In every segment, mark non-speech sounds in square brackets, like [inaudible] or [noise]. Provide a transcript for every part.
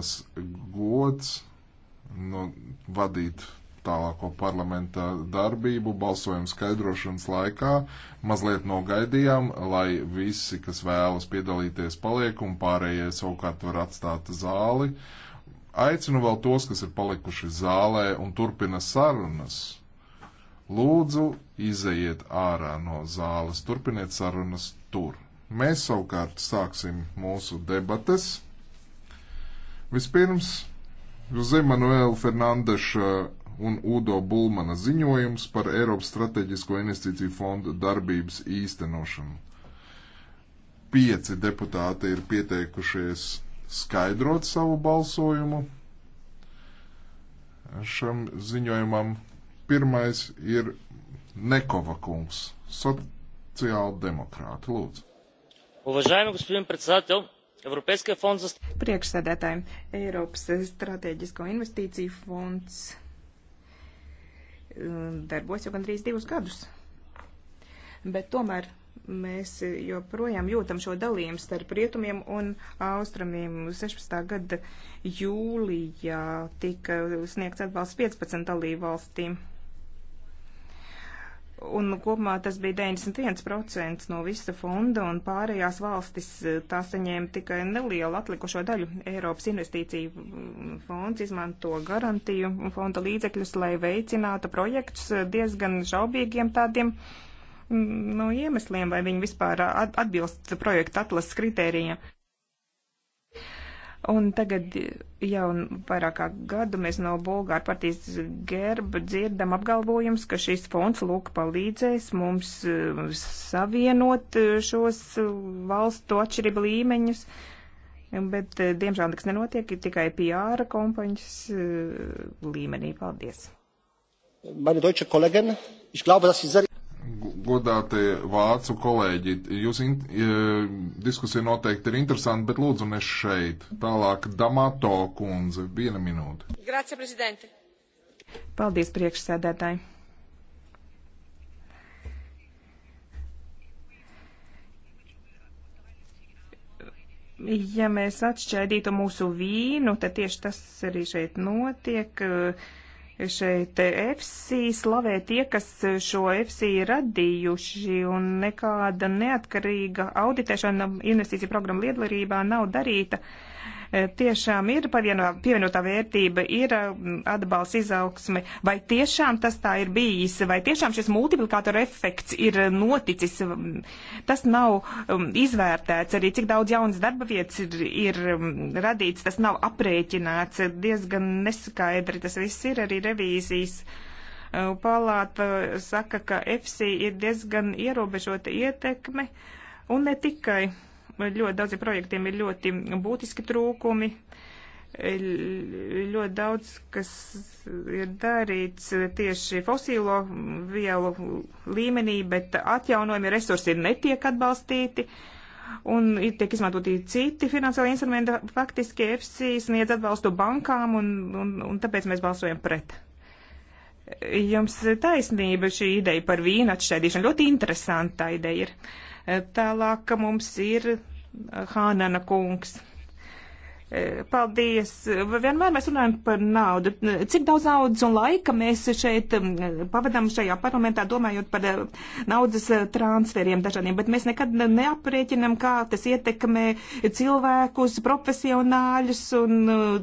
tas gods nu, vadīt tālāko parlamenta darbību balsojumu skaidrošanas laikā. Mazliet nogaidījām, lai visi, kas vēlas piedalīties, paliek un pārējie savukārt var atstāt zāli. Aicinu vēl tos, kas ir palikuši zālē un turpina sarunas. Lūdzu, izejiet ārā no zāles, turpiniet sarunas tur. Mēs savukārt sāksim mūsu debates. Vispirms Jose Manuela Fernandeša un Udo Bulmana ziņojums par Eiropas Strateģisko investīciju fondu darbības īstenošanu. Pieci deputāti ir pieteikušies skaidrot savu balsojumu. Šam ziņojumam pirmais ir Nekova kungs, sociāldemokrāti. Lūdzu. Уважаеми господин председател, Priekšsēdētājiem Eiropas Stratēģisko investīciju fonds eh, darbos jau gandrīz divus gadus. Bet tomēr mēs joprojām jūtam šo dalījumu starp rietumiem un austrumiem. 16. gada jūlijā tika sniegts atbalsts 15 dalību valstīm. Un kopumā tas bija 91% no visa fonda, un pārējās valstis eh, tā saņēma tikai nelielu atlikušo daļu. Eiropas investīciju mm, fonds izmanto garantiju un fonda līdzekļus, lai veicinātu projektus eh, diezgan šaubīgiem tādiem mm, no iemesliem, vai viņi vispār eh, atbilst projektu atlases kritērijiem. Un tagad jau vairāk kā gadu mēs no Bulgāra partijas gerba dzirdam apgalvojums, ka šis fonds lūk palīdzēs mums eh, savienot eh, šos eh, valstu atšķirību līmeņus. Bet, diemžēl, nekas nenotiek, ir tikai PR kompaņas līmenī. Paldies! Meine deutsche Kollegen, ich glaube, dass Sie sehr godātie vācu kolēģi, jūs in, e, diskusija noteikti ir interesanta, bet lūdzu ne šeit. Tālāk Damato kundze, viena minūte. Grazie, prezidente. Paldies, priekšsēdētāji. Ja mēs atšķaidītu mūsu vīnu, tad tieši tas arī šeit notiek. Uh, šeit EFSI slavē tie, kas šo EFSI ir radījuši, un nekāda neatkarīga auditēšana investīcija programma liedlarībā nav darīta. Uh, Eh, tiešām ir pievienotā vērtība, ir mm, atbalsts izaugsme, vai tiešām tas tā ir bijis, vai tiešām šis multiplikātora efekts ir eh, noticis. Mm, tas nav mm, izvērtēts arī, cik daudz jaunas darba vietas ir, ir radīts, tas nav aprēķināts, diezgan neskaidri tas viss ir arī revīzijas. Eh, palāta saka, ka FC ir diezgan ierobežota ietekme, un ne tikai. Ļoti daudziem projektiem ir ļoti būtiski trūkumi. Ļoti daudz, kas ir darīts tieši fosīlo vielu līmenī, bet atjaunojumi resursi netiek atbalstīti un tiek izmantoti citi finansiāli instrumenti. Faktiski EFSI sniedz atbalstu bankām, un, un, un tāpēc mēs balsojam pret. Jums taisnība šī ideja par vīnu atšķaidīšanu ļoti interesanta ideja ir. Tālāk mums ir Hānana kungs. E, paldies. Vienmēr mēs runājam par naudu. Cik daudz naudas un laika mēs šeit pavadām šajā parlamentā domājot par e, naudas e, transferiem dažādiem, bet mēs nekad neaprēķinam, kā tas ietekmē cilvēkus, profesionāļus un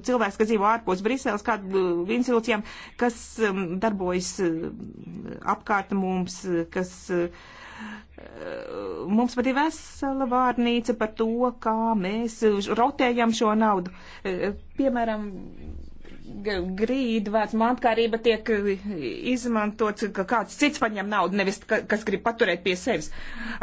cilvēks, kas dzīvo ārpus Briseles, kādu institūcijām, kas darbojas apkārt mums, kas. Uh, Eh, mums pat ir vesela vārnīca par to, kā mēs rotējam šo naudu. Eh, piemēram, grīdvārds mantkārība tiek e, izmantots, ka kāds cits paņem naudu, nevis ka, kas grib paturēt pie sevis.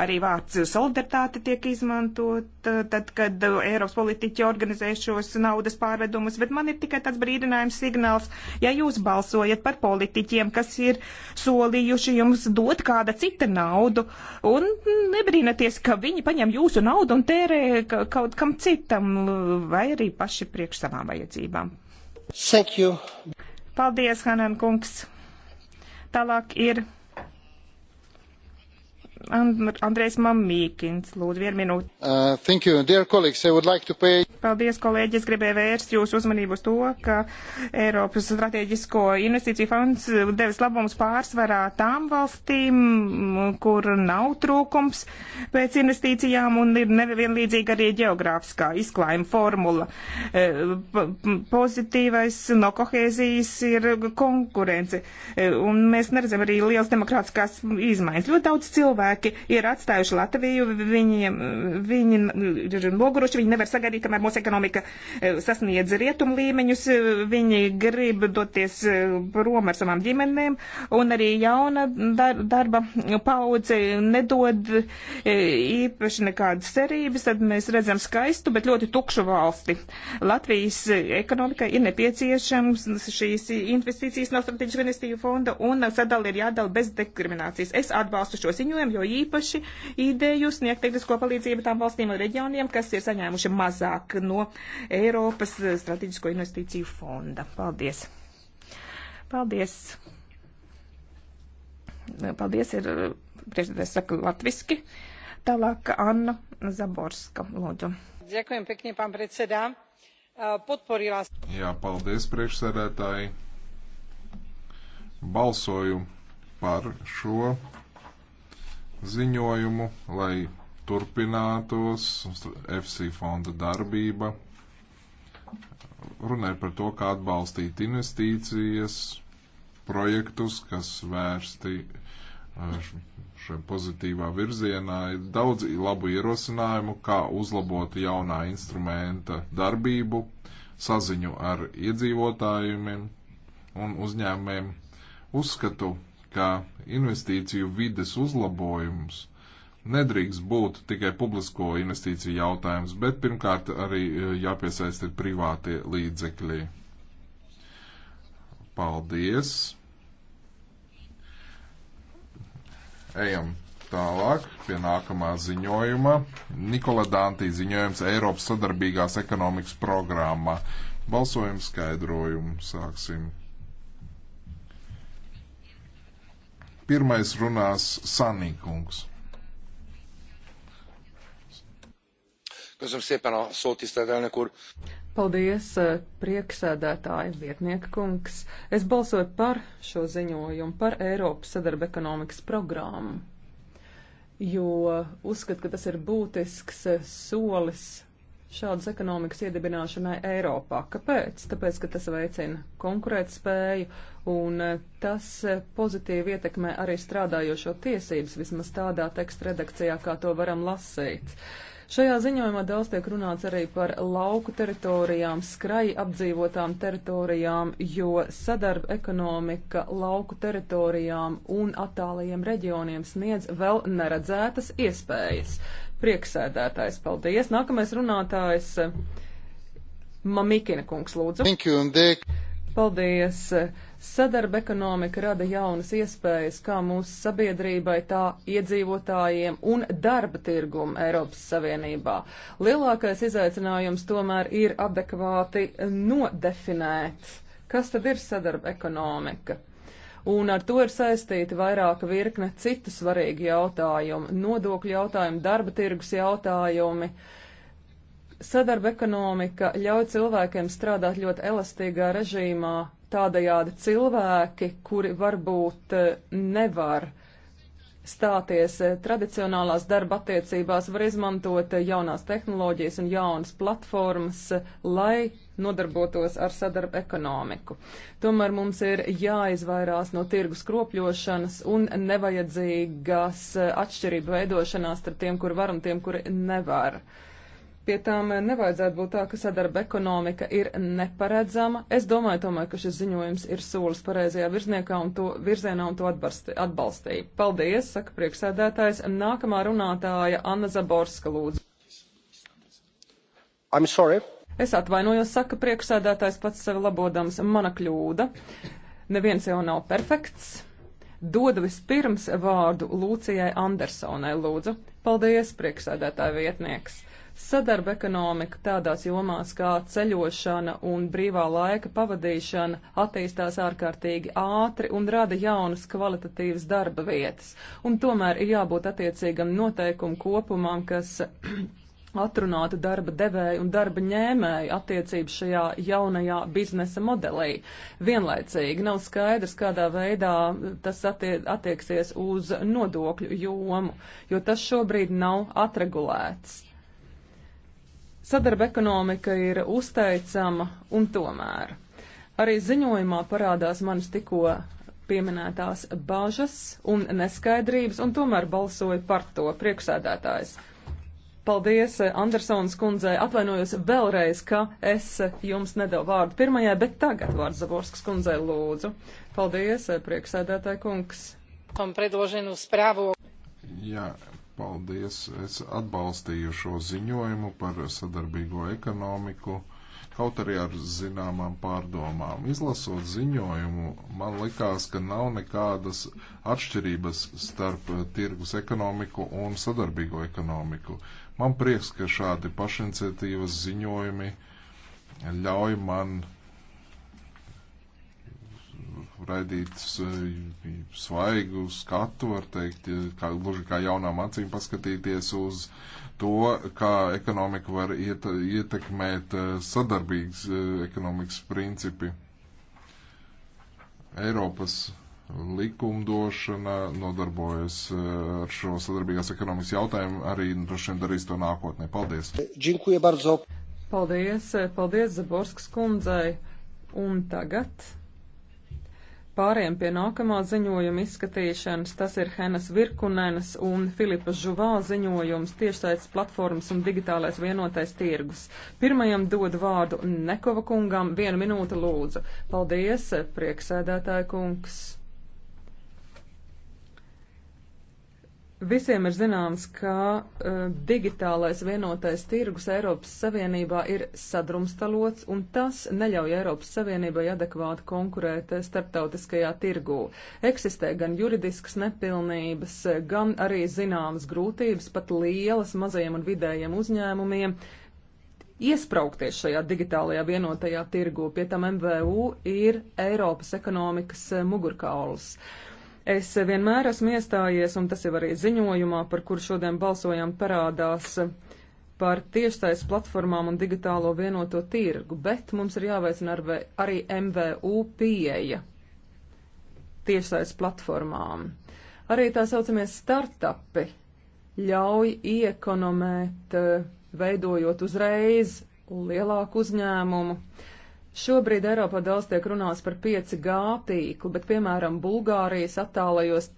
Arī vārds solidaritāte tiek izmantot, e, tad, kad e, Eiropas politiķi organizē šos naudas pārvedumus, bet man ir tikai tāds brīdinājums signāls, ja jūs balsojat par politiķiem, kas ir solījuši jums dot kāda cita naudu, un nebrīnaties, ka viņi paņem jūsu naudu un tērē kaut kam citam, vai arī paši priekš savām vajadzībām. Paldies, Hanan kungs. Tālāk ir Andrejs Mamīkins, lūdzu, vienu minūti. Uh, thank you, dear colleagues, I would like to pay. Paldies, kolēģi, es gribēju vērst jūsu uzmanību uz to, ka Eiropas strateģisko investīciju fonds devis labumus pārsvarā tām valstīm, kur nav trūkums pēc investīcijām un ir nevienlīdzīga arī geogrāfiskā izklājuma formula. Uh, pozitīvais no kohēzijas ir konkurence, uh, un mēs neredzam arī liels demokrātiskās izmaiņas. Ļoti daudz cilvēku cilvēki ir atstājuši Latviju, viņi, viņi ir noguruši, viņi nevar sagaidīt, kamēr mūsu ekonomika e, sasniedz rietumu līmeņus, e, viņi grib doties e, prom ar savām ģimenēm, un arī jauna darba paudze nedod īpaši nekādas cerības, tad mēs redzam skaistu, bet ļoti tukšu valsti. Latvijas ekonomikai ir nepieciešams šīs investīcijas no strateģiskā investīciju fonda, un sadali ir jādala bez diskriminācijas. Es atbalstu šo ziņojumu, jo jo īpaši ideju sniegt tehnisko palīdzību tām valstīm un reģioniem, kas ir saņēmuši mazāk no Eiropas strateģisko investīciju fonda. Paldies! Paldies! Paldies, ir priekšsēdētājs saka latviski. Tālāk Anna Zaborska, lūdzu. Ďakujem pekne, pán predsedā. Podporīlās. Jā, paldies, priekšsēdētāji. Balsoju par šo ziņojumu, lai turpinātos FC fonda darbība. Runāja par to, kā atbalstīt investīcijas, projektus, kas vērsti uh, šajā pozitīvā virzienā. Ir daudz labu ierosinājumu, kā uzlabot jaunā instrumenta darbību, saziņu ar iedzīvotājiem un uzņēmumiem. Uzskatu, ka investīciju vides uzlabojums nedrīkst būt tikai publisko investīciju jautājums, bet pirmkārt arī e, jāpiesaist ir privātie līdzekļi. Paldies! Ejam tālāk pie nākamā ziņojuma. Nikola Dantī ziņojums Eiropas sadarbīgās ekonomikas programma. Balsojumu skaidrojumu sāksim. Pirmais runās Sanīkungs. Paldies, eh, prieksēdētāji, vietnieka kungs. Es balsoju par šo ziņojumu, par Eiropas sadarba ekonomikas programmu, jo uzskatu, ka tas ir būtisks eh, solis šādas ekonomikas iedibināšanai Eiropā. Kāpēc? Tāpēc, ka tas veicina konkurētspēju un eh, tas eh, pozitīvi ietekmē arī strādājošo tiesības, vismaz tādā teksta redakcijā, kā to varam lasīt. Šajā ziņojumā daudz tiek runāts arī par lauku teritorijām, skrai apdzīvotām teritorijām, jo sadarba ekonomika lauku teritorijām un attālajiem reģioniem sniedz vēl neredzētas iespējas. Prieksēdētājs, paldies. Nākamais runātājs eh, Mamikina kungs, lūdzu. Thank you, Paldies! Sadarba ekonomika rada jaunas iespējas kā mūsu sabiedrībai, tā iedzīvotājiem un darba tirgumu Eiropas Savienībā. Lielākais izaicinājums tomēr ir adekvāti nodefinēt, kas tad ir sadarba ekonomika un ar to ir saistīti vairāka virkne citu svarīgu jautājumu - nodokļu jautājumu, darba tirgus jautājumi. Sadarba ekonomika ļauj cilvēkiem strādāt ļoti elastīgā režīmā, tādajādi cilvēki, kuri varbūt eh, nevar stāties eh, tradicionālās darba attiecībās, var izmantot eh, jaunās tehnoloģijas un jaunas platformas, lai nodarbotos ar sadarbu ekonomiku. Tomēr mums ir jāizvairās no tirgus kropļošanas un nevajadzīgas eh, atšķirību veidošanās starp tiem, kuri var un tiem, kuri nevar. Pie tām eh, nevajadzētu būt tā, ka sadarba ekonomika ir neparedzama. Es domāju tomēr, ka šis ziņojums ir solis pareizajā virzienā un to, virzienā un to atbalstīja. Paldies, saka priekšsēdētājs. Nākamā runātāja Anna Zaborska lūdzu. I'm sorry. Es atvainojos, saka priekšsēdētājs pats sevi labodams, mana kļūda. Neviens jau nav perfekts. Dodu vispirms vārdu Lūcijai Andersonai, lūdzu. Paldies, priekšsēdētāja vietnieks. Sadarba ekonomika tādās jomās kā ceļošana un brīvā laika pavadīšana attīstās ārkārtīgi ātri un rada jaunas kvalitatīvas darba vietas. Un tomēr ir jābūt attiecīgam noteikumu kopumam, kas [clears throat] atrunāta darba devēja un darba ņēmēja attiecības šajā jaunajā biznesa modelī. Vienlaicīgi nav skaidrs, kādā veidā tas attie attieksies uz nodokļu jomu, jo tas šobrīd nav atregulēts. Sadarba ekonomika ir uzteicama un tomēr. Arī ziņojumā parādās manas tikko pieminētās bažas un neskaidrības, un tomēr balsoju par to priekšsēdētājs. Paldies eh, Andersons kundzei. Atvainojos vēlreiz, ka es eh, jums nedevu vārdu pirmajai, bet tagad vārds Zaborskas kundzei lūdzu. Paldies, eh, prieksēdētāji kungs. Tom predloženu sprāvu. Jā, paldies. Es atbalstīju šo ziņojumu par sadarbīgo ekonomiku kaut arī ar zināmām pārdomām. Izlasot ziņojumu, man likās, ka nav nekādas atšķirības starp eh, tirgus ekonomiku un sadarbīgo ekonomiku. Man prieks, ka šādi pašiniciatīvas ziņojumi ļauj man raidīts eh, svaigu skatu, var teikt, kā, gluži kā jaunām acīm paskatīties uz to, kā ekonomika var iet, ietekmēt eh, sadarbīgas eh, ekonomikas principi. Eiropas likumdošana nodarbojas ar šo sadarbīgās ekonomikas jautājumu, arī droši vien darīs to nākotnē. Paldies! Paldies, paldies Zaborskas kundzei! Un tagad Pāriem pie nākamā ziņojuma izskatīšanas, tas ir Henas Virkunenes un Filipa Žuvā ziņojums tiešsaistes platformas un digitālais vienotais tirgus. Pirmajam dod vārdu Nekova kungam, vienu minūti lūdzu. Paldies, prieksēdētāja kungs! Visiem ir zināms, ka uh, digitālais vienotais tirgus Eiropas Savienībā ir sadrumstalots, un tas neļauj Eiropas Savienībai adekvāti konkurēt starptautiskajā tirgū. Eksistē gan juridiskas nepilnības, gan arī zināmas grūtības pat lielas mazajiem un vidējiem uzņēmumiem iesprāgties šajā digitālajā vienotajā tirgū. Pie tam MVU ir Eiropas ekonomikas mugurkauls. Uh, Es vienmēr esmu iestājies, un tas jau arī ziņojumā, par kur šodien balsojam, parādās par tiešsaistes platformām un digitālo vienoto tirgu, bet mums ir jāveicina arī MVU pieeja tiešsaistes platformām. Arī tā saucamie startupi ļauj iekonomēt, eh, veidojot uzreiz lielāku uzņēmumu. Uh, Šobrīd Eiropā daudz tiek runāts par 5G tīklu, bet, piemēram, Bulgārijas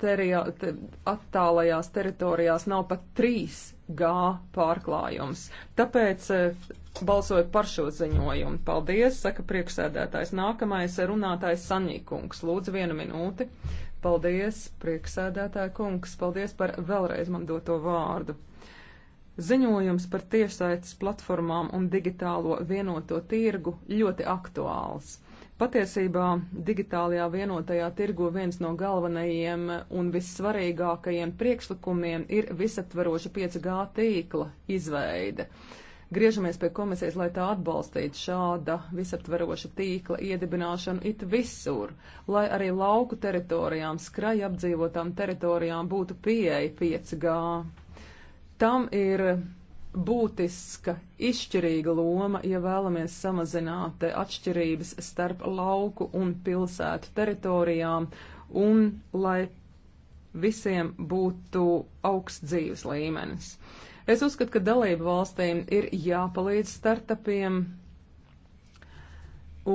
terijā, te, attālajās teritorijās nav pat 3G pārklājums. Tāpēc e, balsoju par šo ziņojumu. Paldies, saka priekšsēdētājs. Nākamais runātājs Saņīkungs. Lūdzu, vienu minūti. Paldies, priekšsēdētāja kungs. Paldies par vēlreiz man doto vārdu. Ziņojums par tiešsaites platformām un digitālo vienoto tirgu ļoti aktuāls. Patiesībā digitālajā vienotajā tirgu viens no galvenajiem un vissvarīgākajiem priekšlikumiem ir visaptvaroša 5G tīkla izveide griežamies pie komisijas, lai tā atbalstītu šāda visaptveroša tīkla iedibināšanu it visur, lai arī lauku teritorijām, skrai apdzīvotām teritorijām būtu pieeja 5G. Tam ir būtiska, izšķirīga loma, ja vēlamies samazināt atšķirības starp lauku un pilsētu teritorijām un lai visiem būtu augsts dzīves līmenis. Es uzskatu, ka dalību valstīm ir jāpalīdz startupiem.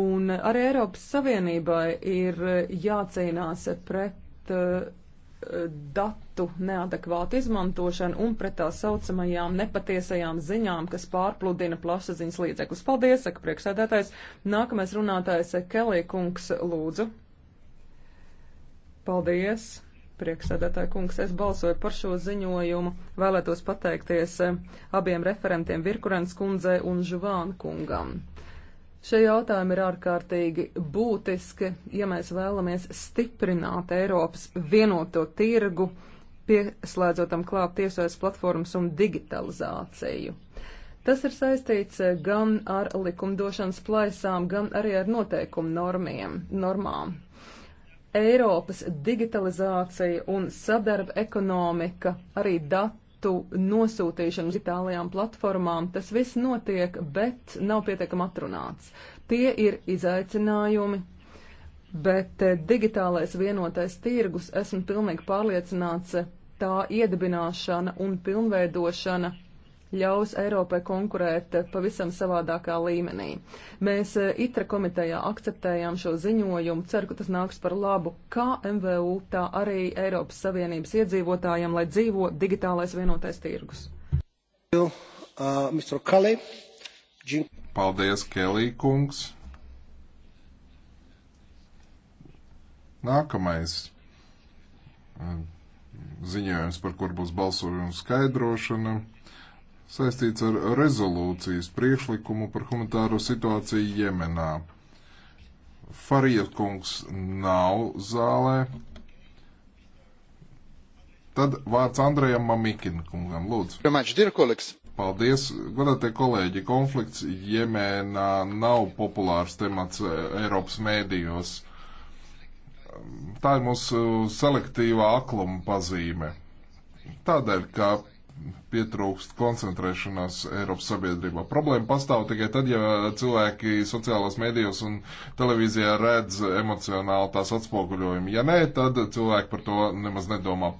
Un arī Eiropas Savienībai ir jācīnās pret uh, datu neadekvātu izmantošanu un pret tā saucamajām nepatiesajām ziņām, kas pārpludina plašsaziņas līdzekļus. Paldies, saka priekšsēdētājs. Nākamais runātājs Kelī kungs, lūdzu. Paldies, priekšsēdētāja kungs. Es balsoju par šo ziņojumu. Vēlētos pateikties eh, abiem referentiem Virkurens kundzei un Žuvāna kungam. Šie jautājumi ir ārkārtīgi būtiski, ja mēs vēlamies stiprināt Eiropas vienoto tirgu, pieslēdzot tam klāt tiešais platformas un digitalizāciju. Tas ir saistīts gan ar likumdošanas plaisām, gan arī ar noteikumu normiem, normām. Eiropas digitalizācija un sadarba ekonomika, arī datu datu nosūtīšanu uz digitālajām platformām. Tas viss notiek, bet nav pietiekami atrunāts. Tie ir izaicinājumi, bet eh, digitālais vienotais tirgus, esmu pilnīgi pārliecināts, eh, tā iedibināšana un pilnveidošana ļaus Eiropai konkurēt pavisam savādākā līmenī. Mēs eh, ITRA komitejā akceptējām šo ziņojumu, ceru, ka tas nāks par labu kā MVU, tā arī Eiropas Savienības iedzīvotājiem, lai dzīvo digitālais vienotais tirgus. Uh, Paldies, Kelī kungs! Nākamais uh, ziņojums, par kur būs balsojuma skaidrošana saistīts ar rezolūcijas priekšlikumu par humanitāro situāciju Jemenā. Farijas kungs nav zālē. Tad vārds Andrejam Mamikina kungam, lūdzu. Paldies, godātie kolēģi. Konflikts Jemenā nav populārs temats eh, Eiropas mēdījos. Tā ir mūsu selektīvā akluma pazīme. Tādēļ, ka pietrūkst koncentrēšanās Eiropas sabiedrībā. Problēma pastāv tikai tad, ja cilvēki sociālos mēdījos un televīzijā redz emocionāli tās atspoguļojumu. Ja nē, tad cilvēki par to nemaz nedomā.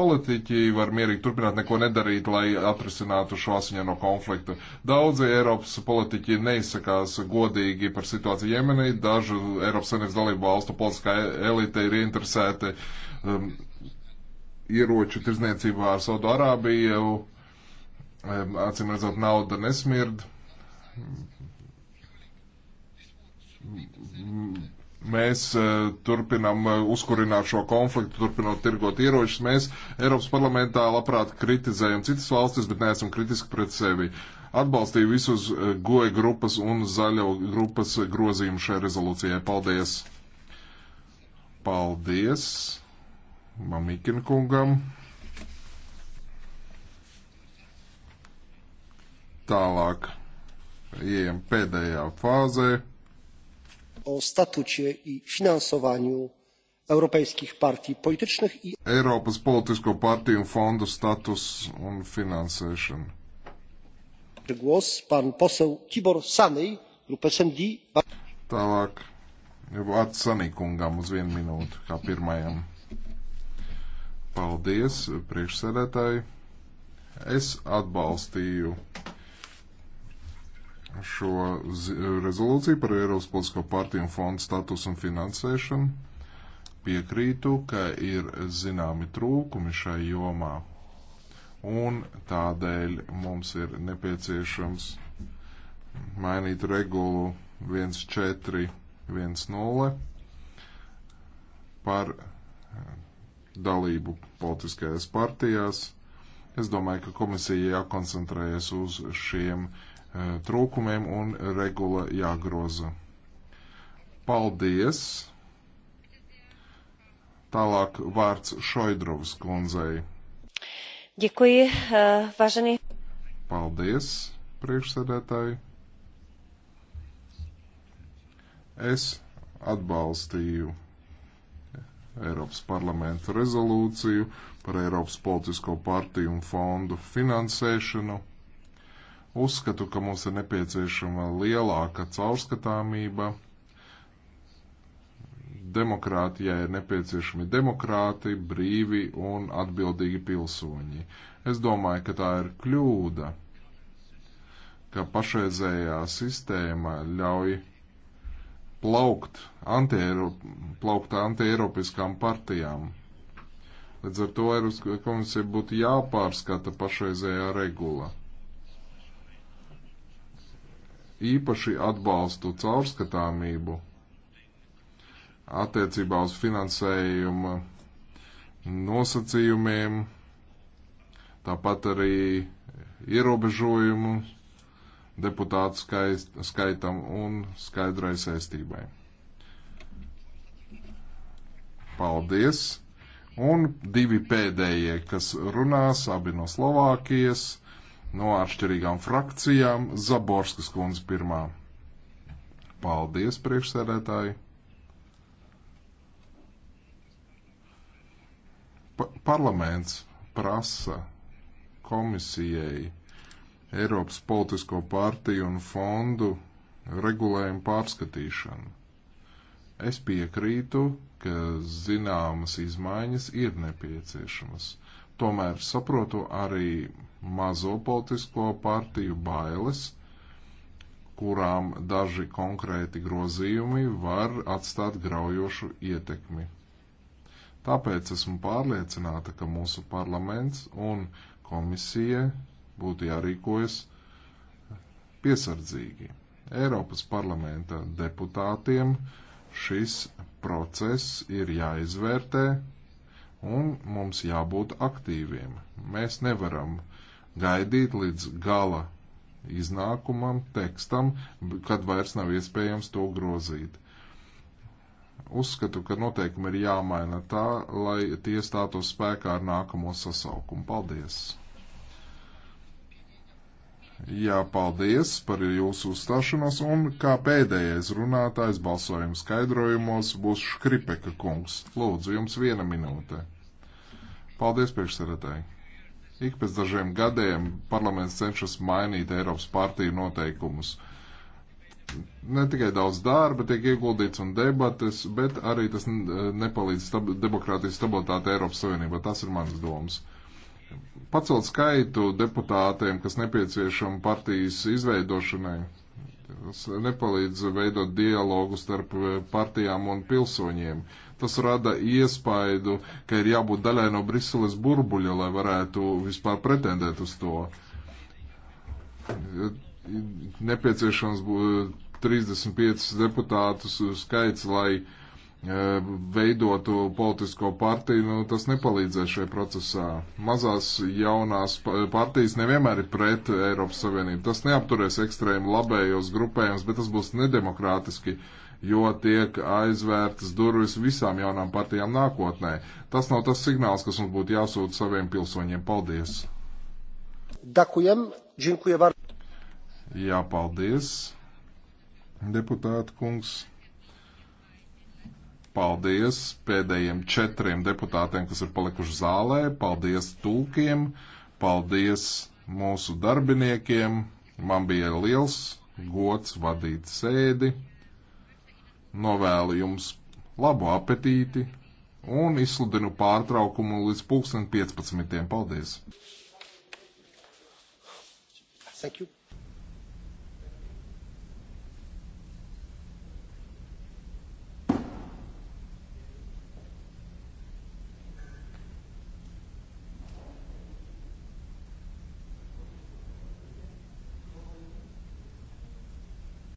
Politiķi var mierīgi turpināt neko nedarīt, lai atrisinātu šo asiņo konfliktu. Daudzi Eiropas politiķi neizsakās godīgi par situāciju Jemenī, dažu Eiropas Savienības dalību valstu politiskā elite ir interesēti um, ieroču tirzniecībā ar Saudārābiju, acīm redzot, nauda nesmird. Mēs eh, turpinam eh, uzkurināt šo konfliktu, turpinot tirgot ieročus. Mēs Eiropas parlamentā labprāt kritizējam citas valstis, bet neesam kritiski pret sevi. Atbalstīju visus eh, goja grupas un zaļo grupas grozījumu šai rezolūcijai. Paldies! Paldies! Mamikina kungam. Tālāk ejam pēdējā fāzē. O statucie i finansowaniu europejskich partii politycznych i Eiropas politisko partiju un fondu status un finansēšanu. Głos pan poseł Tibor Sanej, grupa SND. Tālāk, vārds Sanīkungam uz vienu minūtu, kā pirmajam. Paldies, priekšsēdētāji. Es atbalstīju šo rezolūciju par Eiropas politisko partiju un fondu statusu un finansēšanu. Piekrītu, ka ir zināmi trūkumi šai jomā, un tādēļ mums ir nepieciešams mainīt regulu 1410 par dalību politiskajās partijās. Es domāju, ka komisija jākoncentrējas uz šiem e, trūkumiem un regula jāgroza. Paldies! Tālāk vārds Šoidrovas kundzei. Děkuji, uh, vážený. Paldies, priekšsēdētāji. Es atbalstīju Eiropas parlamenta rezolūciju par Eiropas politisko partiju un fondu finansēšanu. Uzskatu, ka mums ir nepieciešama lielāka caurskatāmība. Demokrātijai ir nepieciešami demokrāti, brīvi un atbildīgi pilsoņi. Es domāju, ka tā ir kļūda, ka pašreizējā sistēma ļauj plaukt anti plaukt antieiropiskām partijām. Līdz ar to Eiropas komisija būtu jāpārskata pašreizējā regula. Īpaši atbalstu caurskatāmību attiecībā uz finansējuma nosacījumiem, tāpat arī ierobežojumu deputātu skaist, skaitam un skaidrai saistībai. Paldies! Un divi pēdējie, kas runās, abi no Slovākijas, no atšķirīgām frakcijām, Zaborskas kundze pirmā. Paldies, priekšsēdētāji! Pa parlaments prasa komisijai Eiropas politisko partiju un fondu regulējumu pārskatīšanu. Es piekrītu, ka zināmas izmaiņas ir nepieciešamas. Tomēr saprotu arī mazo politisko partiju bailes, kurām daži konkrēti grozījumi var atstāt graujošu ietekmi. Tāpēc esmu pārliecināta, ka mūsu parlaments un komisija būtu jārīkojas piesardzīgi. Eiropas parlamenta deputātiem šis process ir jāizvērtē un mums jābūt aktīviem. Mēs nevaram gaidīt līdz gala iznākumam, tekstam, kad vairs nav iespējams to grozīt. Uzskatu, ka noteikumi ir jāmaina tā, lai tie stātos spēkā ar nākamo sasaukumu. Paldies! Jā, paldies par jūsu uzstāšanos, un kā pēdējais runātājs balsojuma skaidrojumos būs Škripeka kungs. Lūdzu, jums viena minūte. Paldies, priekšsēdētāji. Ik pēc dažiem gadiem parlaments cenšas mainīt Eiropas partiju noteikumus ne tikai daudz darba tiek ieguldīts un debates, bet arī tas nepalīdz stab demokrātijas stabilitāte Eiropas Savienībā. Tas ir mans domas pacelt skaitu deputātiem, kas nepieciešama partijas izveidošanai. Tas nepalīdz veidot dialogu starp eh, partijām un pilsoņiem. Tas rada iespaidu, ka ir jābūt daļai no Briseles burbuļa, lai varētu vispār pretendēt uz to. Nepieciešams 35 deputātus skaits, lai uh, E, veidotu politisko partiju, nu, tas nepalīdzēs šajā procesā. Mazās jaunās partijas nevienmēr ir pret Eiropas Savienību. Tas neapturēs ekstrēmu labējos grupējums, bet tas būs nedemokrātiski, jo tiek aizvērtas durvis visām jaunām partijām nākotnē. Tas nav tas signāls, kas mums būtu jāsūta saviem pilsoņiem. Paldies! Dakujam, džinkujem var. Jā, paldies, deputāta kungs. Paldies pēdējiem četriem deputātiem, kas ir palikuši zālē. Paldies tulkiem. Paldies mūsu darbiniekiem. Man bija liels gods vadīt sēdi. Novēlu jums labu apetīti un izsludinu pārtraukumu līdz 2015. Paldies! Thank you.